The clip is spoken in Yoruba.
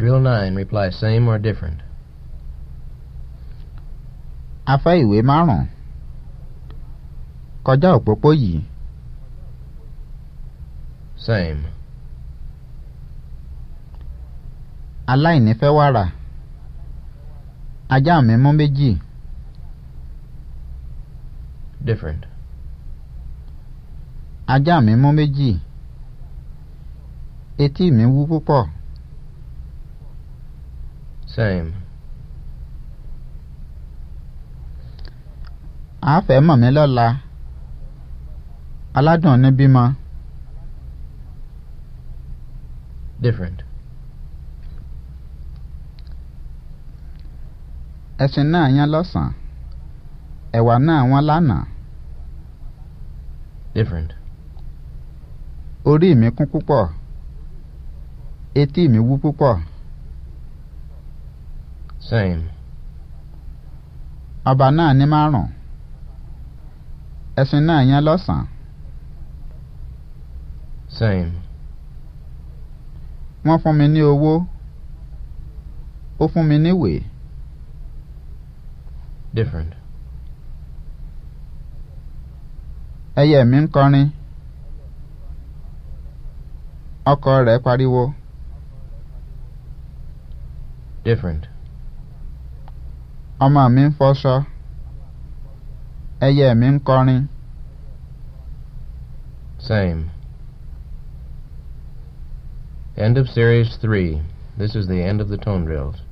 Drill 9. Reply same or different. A fẹ́ ìwé márùn-ún. Kọjá òpópó yìí. Same. Aláìní fẹ́ wàrà. Ajá mi mú méjì. Different. Ajá mi mú méjì. Etí mi wú púpọ̀. Same. àáfẹ́ mọ̀ mí lọ́la aládùn ní bímọ. Different. ẹ̀sìn náà yán lọ́sàn-án ẹ̀wà náà wọ́n lánàá. Different. orí mi kún púpọ̀ etí mi wú púpọ̀. Same. Ọba náà ní márùn. Ẹṣin náà yẹn lọ́sàn-án. Same. Wọ́n fún mi ní owó. Ó fún mi níwèé. Different. Ẹyẹ mi ń kọrin. Ọkọ rẹ̀ pariwo. Different. ọmọ mi ń fọṣọ ẹyẹ mi ń kọrin. Same. End of Series 3. This is the end of the tone drills.